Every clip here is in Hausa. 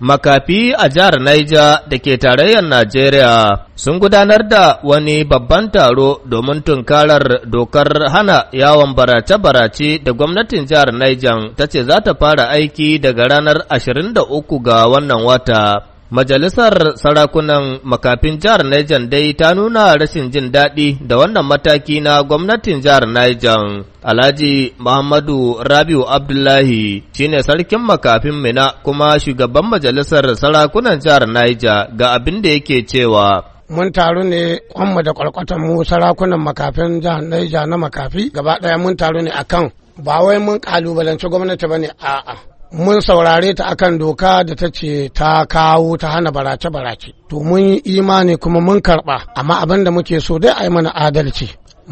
Makafi a jihar Niger da ke tarayyar Najeriya sun gudanar da wani babban taro domin tunkarar dokar hana yawon barace-barace da gwamnatin jihar Niger ta ce za ta fara aiki daga ranar 23 ga wannan wata. Majalisar sarakunan makafin jihar Niger dai ta nuna rashin jin daɗi da wannan mataki na gwamnatin jihar Niger. Alhaji Muhammadu Rabiu Abdullahi shine sarkin makafin Mina kuma shugaban majalisar sarakunan jihar Niger ga abin da yake cewa. mun taru ne kwanmu da kwalkwatan mu sarakunan makafin jihar Niger na makafi gaba ɗaya mun taru ne akan ba wai mun kalubalanci gwamnati bane a'a mun saurare ta akan doka da ta ce ta kawo ta hana barace-barace to mun yi imani kuma mun karba amma abin da muke so dai a yi mana adalci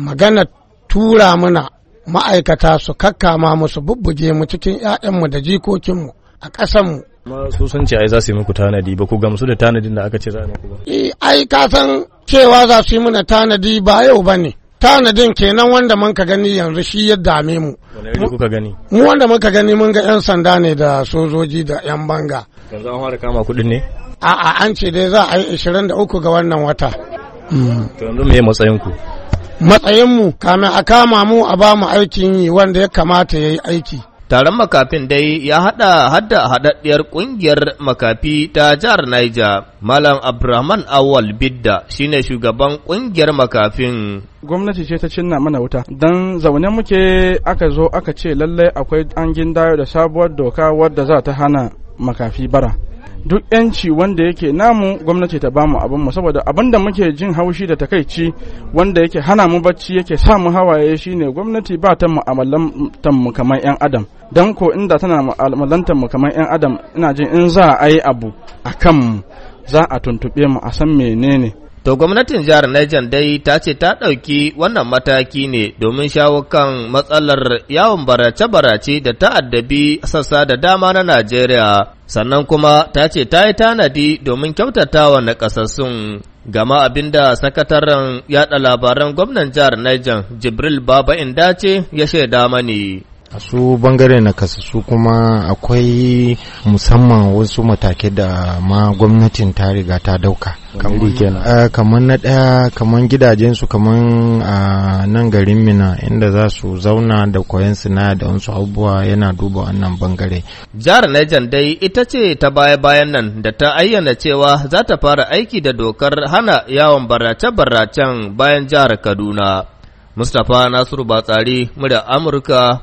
magana tura mana ma'aikata su kakkama musu bubbuge mu cikin 'ya'yanmu da jikokinmu a ƙasan amma su sun ce ai za su yi muku tanadi ba ku gamsu da tanadin da aka ce za a yi muku ba eh, ai ka san cewa za su yi mana tanadi ba yau ba ne tanadin kenan wanda mun ka gani yanzu shi ya dame mu mu wanda muka gani mun ga yan sanda ne da sojoji da yan banga yanzu an fara kama kudin ne a'a an ce dai za a yi 23 ga wannan wata mm. to yanzu me matsayin ku matsayin mu kamin a kama mu a ba mu aikin yi wanda ya kamata yayi aiki Taron makafin dai ya haɗa hada haɗaɗɗiyar ƙungiyar makafi ta jihar Niger. Malam Abdulrahman Awal Bidda shine shugaban ƙungiyar makafin. Gwamnati ce ta cinna mana wuta. Dan zaune muke aka zo aka ce lallai akwai angin gindayo da sabuwar doka wadda za ta hana makafi bara. duk yanci wanda yake namu gwamnati ta bamu abin mu saboda abin da muke jin haushi da takaici wanda yake hana mu bacci yake sa mu hawaye shine gwamnati ba ta mu'amalantar mu kamar yan adam dan ko inda tana mu'amalantar mu kamar yan adam ina jin in za a yi abu a kan mu za a tuntuɓe mu a san menene To gwamnatin jihar Niger dai ta ce ta ɗauki wannan mataki ne domin shawo kan matsalar yawon barace-barace da ta'addabi sassa da dama na Najeriya, sannan kuma ta ce ta yi tanadi domin kyautatawa na ƙasassun. Gama abin da sakataren yaɗa labaran gwamnan jihar Niger, Jibril Baba Indace ya shaida mani. a su bangare na su kuma akwai musamman wasu matakai da ma gwamnatin ta riga ta dauka kamar eh, na ɗaya kamar gidajensu kamar a nan garin mina inda za su zauna da koyon suna da wasu abubuwa yana duba wannan bangare jihar Niger dai ita ce ta baya bayan nan da ta ayyana cewa za ta fara aiki da dokar hana yawon barace-baracen bayan jihar kaduna mustapha nasiru batsari murya amurka